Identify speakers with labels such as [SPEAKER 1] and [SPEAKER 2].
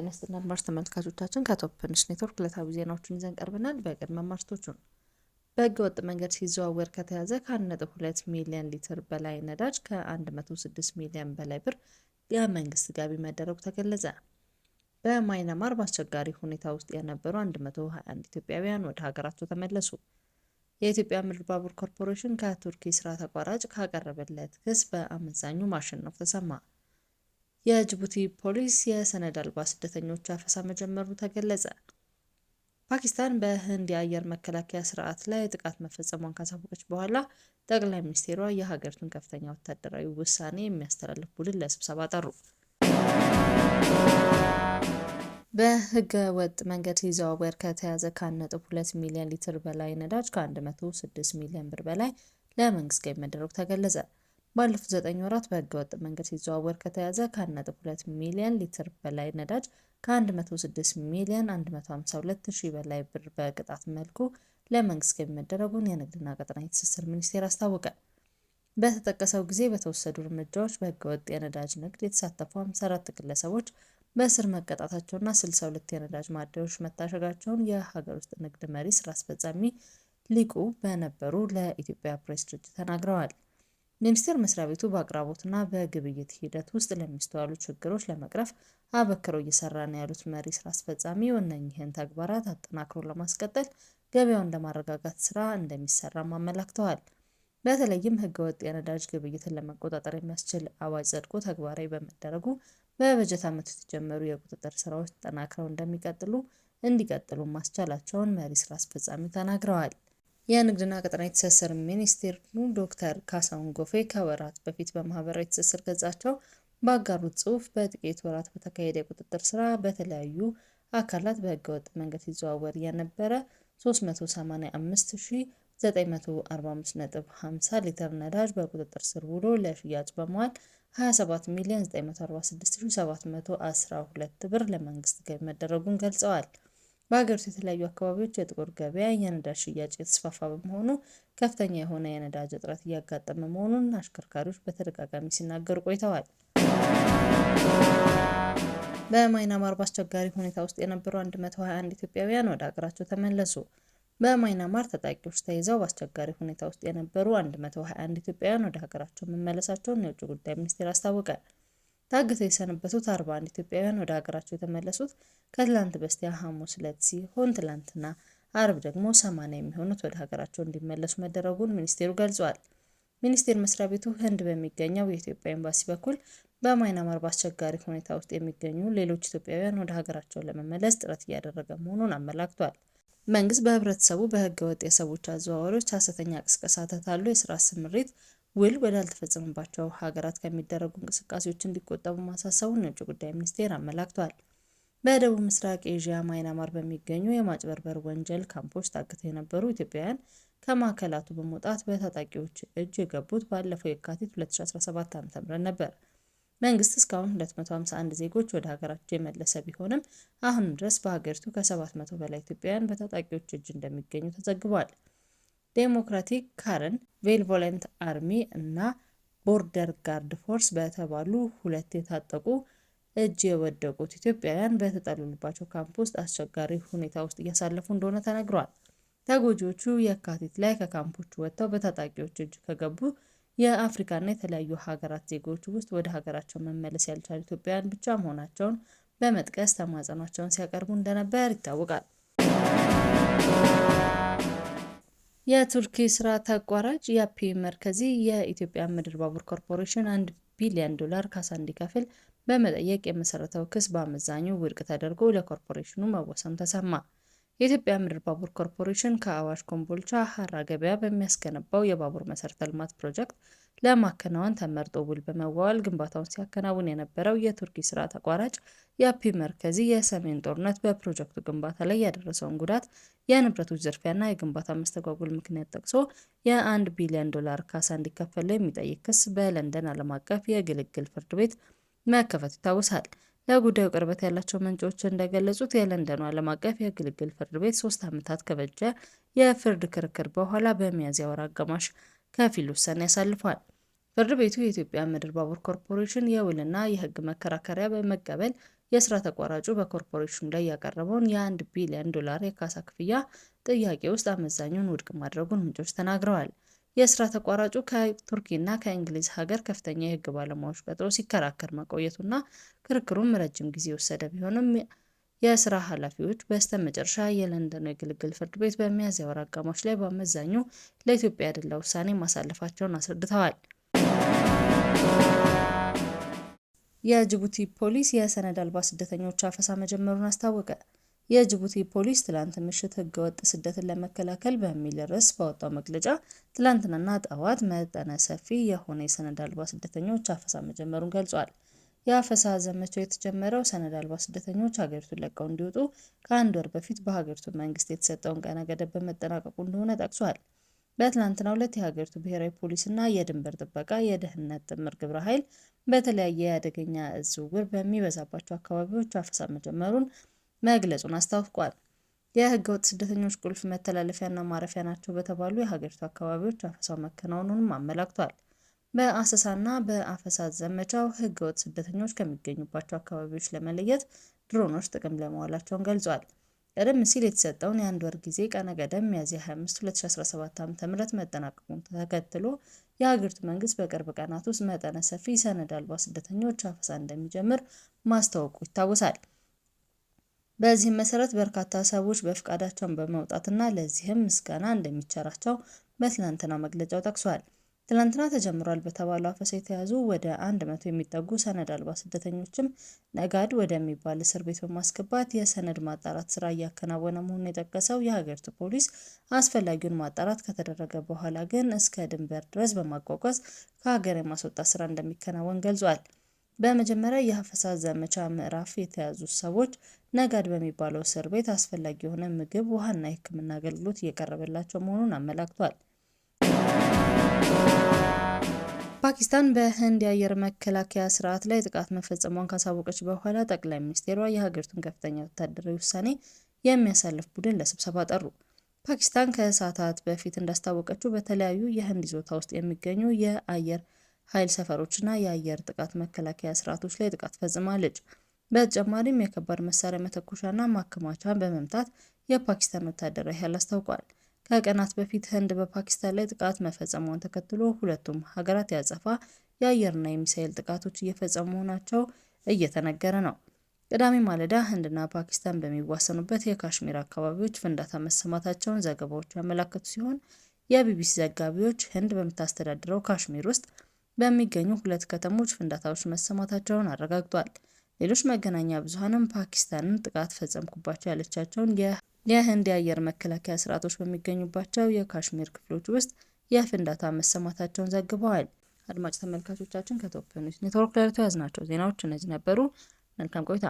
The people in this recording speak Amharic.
[SPEAKER 1] ጤና ይስጥልን አድማጭ ተመልካቾቻችን ከቶፕንሽ ኔትወርክ ዕለታዊ ዜናዎችን ይዘን ቀርበናል። በቅድመ ማርቶቹን በህገ ወጥ መንገድ ሲዘዋወር ከተያዘ ከ1.2 ሚሊዮን ሊትር በላይ ነዳጅ ከ106 ሚሊዮን በላይ ብር ለመንግስት ገቢ መደረጉ ተገለጸ። በማይናማር በአስቸጋሪ ሁኔታ ውስጥ የነበሩ 121 ኢትዮጵያውያን ወደ ሀገራቸው ተመለሱ። የኢትዮጵያ ምድር ባቡር ኮርፖሬሽን ከቱርኪ ስራ ተቋራጭ ካቀረበለት ክስ በአመዛኙ ማሸነፉ ተሰማ። የጅቡቲ ፖሊስ የሰነድ አልባ ስደተኞች አፈሳ መጀመሩ ተገለጸ። ፓኪስታን በህንድ የአየር መከላከያ ስርዓት ላይ ጥቃት መፈጸሟን ካሳወቀች በኋላ ጠቅላይ ሚኒስትሯ የሀገሪቱን ከፍተኛ ወታደራዊ ውሳኔ የሚያስተላልፍ ቡድን ለስብሰባ ጠሩ። በህገ ወጥ መንገድ ሲዘዋወር ከተያዘ ከ1.2 ሚሊዮን ሊትር በላይ ነዳጅ ከ106 ሚሊዮን ብር በላይ ለመንግስት ገቢ መደረጉ ተገለጸ። ባለፉት ዘጠኝ ወራት በህገወጥ መንገድ ሲዘዋወር ከተያዘ ከ1.2 ሚሊዮን ሊትር በላይ ነዳጅ ከ106 ሚሊዮን 152 ሺህ በላይ ብር በቅጣት መልኩ ለመንግስት ገቢ መደረጉን የንግድና ቀጣናዊ ትስስር ሚኒስቴር አስታወቀ። በተጠቀሰው ጊዜ በተወሰዱ እርምጃዎች በህገወጥ የነዳጅ ንግድ የተሳተፉ 54 ግለሰቦች በእስር መቀጣታቸውና 62 የነዳጅ ማደያዎች መታሸጋቸውን የሀገር ውስጥ ንግድ መሪ ስራ አስፈጻሚ ሊቁ በነበሩ ለኢትዮጵያ ፕሬስ ድርጅት ተናግረዋል። ሚኒስቴር መስሪያ ቤቱ በአቅራቦትና በግብይት ሂደት ውስጥ ለሚስተዋሉ ችግሮች ለመቅረፍ አበክሮ እየሰራ ነው ያሉት መሪ ስራ አስፈጻሚው፣ እነኚህን ተግባራት አጠናክሮ ለማስቀጠል ገበያውን ለማረጋጋት ስራ እንደሚሰራም አመላክተዋል። በተለይም ህገወጥ የነዳጅ ግብይትን ለመቆጣጠር የሚያስችል አዋጅ ጸድቆ ተግባራዊ በመደረጉ በበጀት ዓመቱ የተጀመሩ የቁጥጥር ስራዎች ተጠናክረው እንደሚቀጥሉ እንዲቀጥሉ ማስቻላቸውን መሪ ስራ አስፈጻሚ ተናግረዋል። የንግድና ቀጣናዊ ትስስር ሚኒስትሩ ዶክተር ካሳሁን ጎፌ ከወራት በፊት በማህበራዊ ትስስር ገጻቸው ባጋሩት ጽሑፍ በጥቂት ወራት በተካሄደ የቁጥጥር ስራ በተለያዩ አካላት በህገወጥ መንገድ ሲዘዋወር የነበረ 385,945.50 ሊትር ነዳጅ በቁጥጥር ስር ውሎ ለሽያጭ በመዋል 27,946,712 ብር ለመንግስት ገቢ መደረጉን ገልጸዋል። በሀገር የተለያዩ አካባቢዎች የጥቁር ገበያ የነዳጅ ሽያጭ የተስፋፋ በመሆኑ ከፍተኛ የሆነ የነዳጅ እጥረት እያጋጠመ መሆኑን አሽከርካሪዎች በተደጋጋሚ ሲናገሩ ቆይተዋል። በማይናማር በአስቸጋሪ ሁኔታ ውስጥ የነበሩ 121 ኢትዮጵያውያን ወደ ሀገራቸው ተመለሱ። በማይናማር ታጣቂዎች ተይዘው በአስቸጋሪ ሁኔታ ውስጥ የነበሩ 121 ኢትዮጵያውያን ወደ ሀገራቸው መመለሳቸውን የውጭ ጉዳይ ሚኒስቴር አስታወቀ። ታግተው የሰነበቱት 41 ኢትዮጵያውያን ወደ ሀገራቸው የተመለሱት ከትላንት በስቲያ ሐሙስ ዕለት ሲሆን ትላንትና አርብ ደግሞ 80 የሚሆኑት ወደ ሀገራቸው እንዲመለሱ መደረጉን ሚኒስቴሩ ገልጿል። ሚኒስቴር መስሪያ ቤቱ ህንድ በሚገኘው የኢትዮጵያ ኤምባሲ በኩል በማይናማር በአስቸጋሪ ሁኔታ ውስጥ የሚገኙ ሌሎች ኢትዮጵያውያን ወደ ሀገራቸው ለመመለስ ጥረት እያደረገ መሆኑን አመላክቷል። መንግስት በህብረተሰቡ በህገ ወጥ የሰዎች አዘዋዋሪዎች ሀሰተኛ ቅስቀሳ፣ ተታሉ የስራ ስምሪት፣ ውል ወዳልተፈጸመባቸው ሀገራት ከሚደረጉ እንቅስቃሴዎች እንዲቆጠቡ ማሳሰቡን የውጭ ጉዳይ ሚኒስቴር አመላክቷል። በደቡብ ምስራቅ ኤዥያ ማይናማር በሚገኙ የማጭበርበር ወንጀል ካምፖች ታግተው የነበሩ ኢትዮጵያውያን ከማዕከላቱ በመውጣት በታጣቂዎች እጅ የገቡት ባለፈው የካቲት 2017 ዓ.ም ነበር። መንግስት እስካሁን 251 ዜጎች ወደ ሀገራቸው የመለሰ ቢሆንም አሁንም ድረስ በሀገሪቱ ከ700 በላይ ኢትዮጵያውያን በታጣቂዎች እጅ እንደሚገኙ ተዘግቧል። ዴሞክራቲክ ካረን ቬልቮለንት አርሚ እና ቦርደር ጋርድ ፎርስ በተባሉ ሁለት የታጠቁ እጅ የወደቁት ኢትዮጵያውያን በተጠለሉባቸው ካምፕ ውስጥ አስቸጋሪ ሁኔታ ውስጥ እያሳለፉ እንደሆነ ተነግሯል። ተጎጂዎቹ የካቲት ላይ ከካምፖቹ ወጥተው በታጣቂዎች እጅ ከገቡ የአፍሪካና የተለያዩ ሀገራት ዜጎች ውስጥ ወደ ሀገራቸው መመለስ ያልቻሉ ኢትዮጵያውያን ብቻ መሆናቸውን በመጥቀስ ተማጸኗቸውን ሲያቀርቡ እንደነበር ይታወቃል። የቱርኪ ስራ ተቋራጭ ያፒ መርከዚ የኢትዮጵያ ምድር ባቡር ኮርፖሬሽን አንድ ቢሊዮን ዶላር ካሳ እንዲከፍል በመጠየቅ የመሰረተው ክስ በአመዛኙ ውድቅ ተደርጎ ለኮርፖሬሽኑ መወሰኑ ተሰማ። የኢትዮጵያ ምድር ባቡር ኮርፖሬሽን ከአዋሽ ኮምቦልቻ ሀራ ገበያ በሚያስገነባው የባቡር መሰረተ ልማት ፕሮጀክት ለማከናወን ተመርጦ ውል በመዋዋል ግንባታውን ሲያከናውን የነበረው የቱርኪ ስራ ተቋራጭ የአፒ መርከዚ የሰሜን ጦርነት በፕሮጀክቱ ግንባታ ላይ ያደረሰውን ጉዳት፣ የንብረቶች ዝርፊያና የግንባታ መስተጓጉል ምክንያት ጠቅሶ የአንድ ቢሊዮን ዶላር ካሳ እንዲከፈለው የሚጠይቅ ክስ በለንደን ዓለም አቀፍ የግልግል ፍርድ ቤት መከፈቱ ይታወሳል። ለጉዳዩ ቅርበት ያላቸው ምንጮች እንደገለጹት የለንደኑ ዓለም አቀፍ የግልግል ፍርድ ቤት ሶስት ዓመታት ከበጀ የፍርድ ክርክር በኋላ በሚያዝያ ወር አጋማሽ ከፊል ውሳኔ ያሳልፏል። ፍርድ ቤቱ የኢትዮጵያ ምድር ባቡር ኮርፖሬሽን የውልና የሕግ መከራከሪያ በመቀበል የስራ ተቋራጩ በኮርፖሬሽኑ ላይ ያቀረበውን የ1 ቢሊዮን ዶላር የካሳ ክፍያ ጥያቄ ውስጥ አመዛኙን ውድቅ ማድረጉን ምንጮች ተናግረዋል። የስራ ተቋራጩ ከቱርኪና ከእንግሊዝ ሀገር ከፍተኛ የህግ ባለሙያዎች ቀጥሮ ሲከራከር መቆየቱና ክርክሩም ረጅም ጊዜ የወሰደ ቢሆንም የስራ ኃላፊዎች በስተመጨረሻ የለንደኑ የግልግል ፍርድ ቤት በሚያዝያ ወር አጋማሽ ላይ በአመዛኙ ለኢትዮጵያ ያደላ ውሳኔ ማሳለፋቸውን አስረድተዋል። የጅቡቲ ፖሊስ የሰነድ አልባ ስደተኞች አፈሳ መጀመሩን አስታወቀ። የጅቡቲ ፖሊስ ትላንት ምሽት ወጥ ስደትን ለመከላከል በሚል ርዕስ ባወጣው መግለጫ ትላንትናና ጠዋት መጠነ ሰፊ የሆነ የሰነድ አልባ ስደተኞች አፈሳ መጀመሩን ገልጿል። የአፈሳ ዘመቻው የተጀመረው ሰነድ አልባ ስደተኞች ሀገሪቱን ለቀው እንዲወጡ ከአንድ ወር በፊት በሀገሪቱ መንግስት የተሰጠውን ቀነ ገደብ በመጠናቀቁ እንደሆነ ጠቅሷል። በትናንትናው ዕለት የሀገሪቱ ብሔራዊ ፖሊስና የድንበር ጥበቃ የደህንነት ጥምር ግብረ ኃይል በተለያየ የአደገኛ እጽ ዝውውር በሚበዛባቸው አካባቢዎች አፈሳ መጀመሩን መግለጹን አስታውቋል። የህገ ወጥ ስደተኞች ቁልፍ መተላለፊያና ማረፊያ ናቸው በተባሉ የሀገሪቱ አካባቢዎች አፈሳው መከናወኑንም አመላክቷል። በአሰሳና በአፈሳ ዘመቻው ህገ ወጥ ስደተኞች ከሚገኙባቸው አካባቢዎች ለመለየት ድሮኖች ጥቅም ላይ መዋላቸውን ገልጿል። ቀደም ሲል የተሰጠውን የአንድ ወር ጊዜ ቀነ ገደብ ሚያዝያ 25 2017 ም መጠናቀቁን ተከትሎ የሀገሪቱ መንግስት በቅርብ ቀናት ውስጥ መጠነ ሰፊ ሰነድ አልባ ስደተኞች አፈሳ እንደሚጀምር ማስታወቁ ይታወሳል። በዚህም መሰረት በርካታ ሰዎች በፍቃዳቸውን በመውጣትና ለዚህም ምስጋና እንደሚቸራቸው በትናንትናው መግለጫው ጠቅሷል። ትላንትና ተጀምሯል በተባለው አፈሳ የተያዙ ወደ አንድ መቶ የሚጠጉ ሰነድ አልባ ስደተኞችም ነጋድ ወደሚባል እስር ቤት በማስገባት የሰነድ ማጣራት ስራ እያከናወነ መሆኑን የጠቀሰው የሀገሪቱ ፖሊስ አስፈላጊውን ማጣራት ከተደረገ በኋላ ግን እስከ ድንበር ድረስ በማጓጓዝ ከሀገር የማስወጣት ስራ እንደሚከናወን ገልጿል። በመጀመሪያ የአፈሳ ዘመቻ ምዕራፍ የተያዙ ሰዎች ነጋድ በሚባለው እስር ቤት አስፈላጊ የሆነ ምግብ፣ ውሃና የሕክምና አገልግሎት እየቀረበላቸው መሆኑን አመላክቷል። ፓኪስታን በህንድ የአየር መከላከያ ስርዓት ላይ ጥቃት መፈጸሟን ካሳወቀች በኋላ ጠቅላይ ሚኒስትሯ የሀገሪቱን ከፍተኛ ወታደራዊ ውሳኔ የሚያሳልፍ ቡድን ለስብሰባ ጠሩ። ፓኪስታን ከሰዓታት በፊት እንዳስታወቀችው በተለያዩ የህንድ ይዞታ ውስጥ የሚገኙ የአየር ኃይል ሰፈሮችና የአየር ጥቃት መከላከያ ስርዓቶች ላይ ጥቃት ፈጽማለች። በተጨማሪም የከባድ መሳሪያ መተኮሻና ማከማቻን በመምታት የፓኪስታን ወታደራዊ ኃይል አስታውቋል። ከቀናት በፊት ህንድ በፓኪስታን ላይ ጥቃት መፈጸሟን ተከትሎ ሁለቱም ሀገራት ያጸፋ የአየርና የሚሳኤል ጥቃቶች እየፈጸሙ መሆናቸው እየተነገረ ነው። ቅዳሜ ማለዳ ህንድና ፓኪስታን በሚዋሰኑበት የካሽሚር አካባቢዎች ፍንዳታ መሰማታቸውን ዘገባዎች ያመላከቱ ሲሆን የቢቢሲ ዘጋቢዎች ህንድ በምታስተዳድረው ካሽሚር ውስጥ በሚገኙ ሁለት ከተሞች ፍንዳታዎች መሰማታቸውን አረጋግጧል። ሌሎች መገናኛ ብዙሀንም ፓኪስታንን ጥቃት ፈጸምኩባቸው ያለቻቸውን የህንድ የአየር መከላከያ ስርዓቶች በሚገኙባቸው የካሽሚር ክፍሎች ውስጥ የፍንዳታ መሰማታቸውን ዘግበዋል። አድማጭ ተመልካቾቻችን ከቶፕ ኒውስ ኔትወርክ ለዕለቱ ያዝናቸው ዜናዎች እነዚህ ነበሩ። መልካም ቆይታ